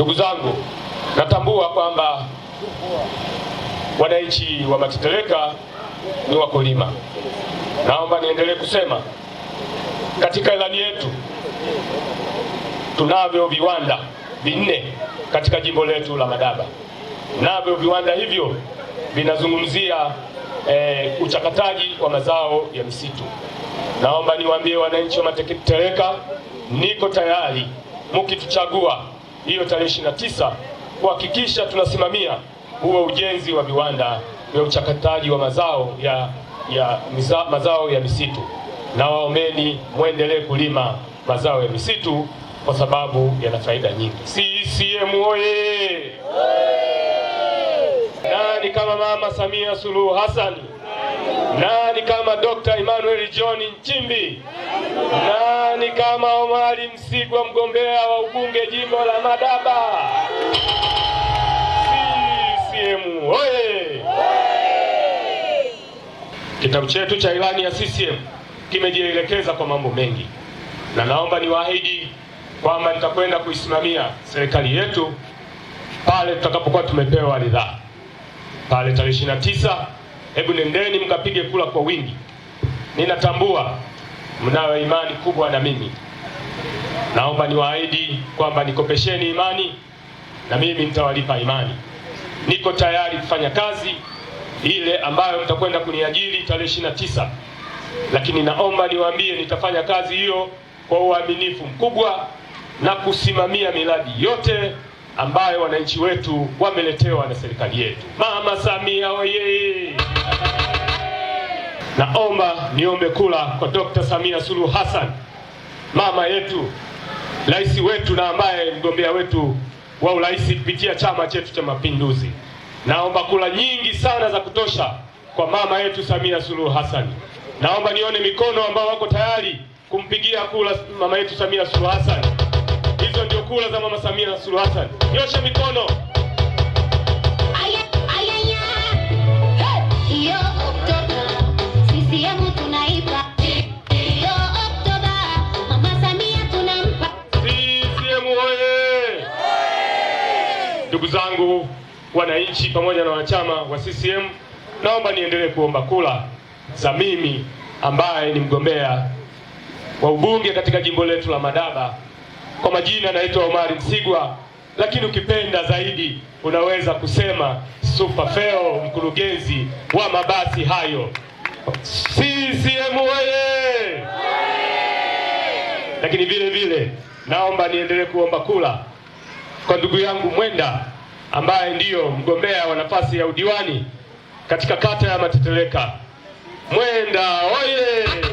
Ndugu zangu, natambua kwamba wananchi wa Matetereka ni wakulima. Naomba niendelee kusema katika ilani yetu tunavyo viwanda vinne katika jimbo letu la Madaba. Navyo viwanda hivyo vinazungumzia e, uchakataji wa mazao ya misitu. Naomba niwaambie wananchi wa Matetereka, niko tayari mukituchagua hiyo tarehe 29 kuhakikisha tunasimamia huo ujenzi wa viwanda vya uchakataji wa mazao ya, ya miza, mazao ya misitu, na waombeni mwendelee kulima mazao ya misitu kwa sababu yana faida nyingi. CCM oye! Nani kama Mama Samia Suluhu Hassan? Nani kama Dr. Emmanuel John Nchimbi? Ali Msigwa, mgombea wa ubunge jimbo la Madaba, CCM oye! Kitabu chetu cha ilani ya CCM kimejielekeza kwa mambo mengi, na naomba niwaahidi kwamba nitakwenda kuisimamia serikali yetu pale tutakapokuwa tumepewa ridhaa pale tarehe 29. Hebu nendeni mkapige kula kwa wingi. Ninatambua mnayo imani kubwa na mimi. Naomba niwaahidi kwamba nikopesheni imani na mimi nitawalipa imani. Niko tayari kufanya kazi ile ambayo mtakwenda kuniajiri tarehe ishirini na tisa, lakini naomba niwaambie nitafanya kazi hiyo kwa uaminifu mkubwa na kusimamia miradi yote ambayo wananchi wetu wameletewa na serikali yetu. Mama Samia oye! Naomba niombe kula kwa Dr. Samia Suluhu Hassan mama yetu rais wetu na ambaye mgombea wetu wa urais kupitia chama chetu cha Mapinduzi. Naomba kula nyingi sana za kutosha kwa mama yetu Samia Suluhu Hassan. Naomba nione mikono ambao wako tayari kumpigia kula mama yetu Samia Suluhu Hassan. Hizo ndio kula za mama Samia Suluhu Hassan. Nyosha mikono. ndugu zangu wananchi pamoja na wanachama wa CCM, naomba niendelee kuomba kula za mimi ambaye ni mgombea wa ubunge katika jimbo letu la Madaba. Kwa majina naitwa Omari Msigwa, lakini ukipenda zaidi unaweza kusema Feo, mkurugenzi wa mabasi hayo. CCM oye! Lakini vile vile naomba niendelee kuomba kula kwa ndugu yangu Mwenda ambaye ndiyo mgombea wa nafasi ya udiwani katika kata ya Matetereka. Mwenda oye!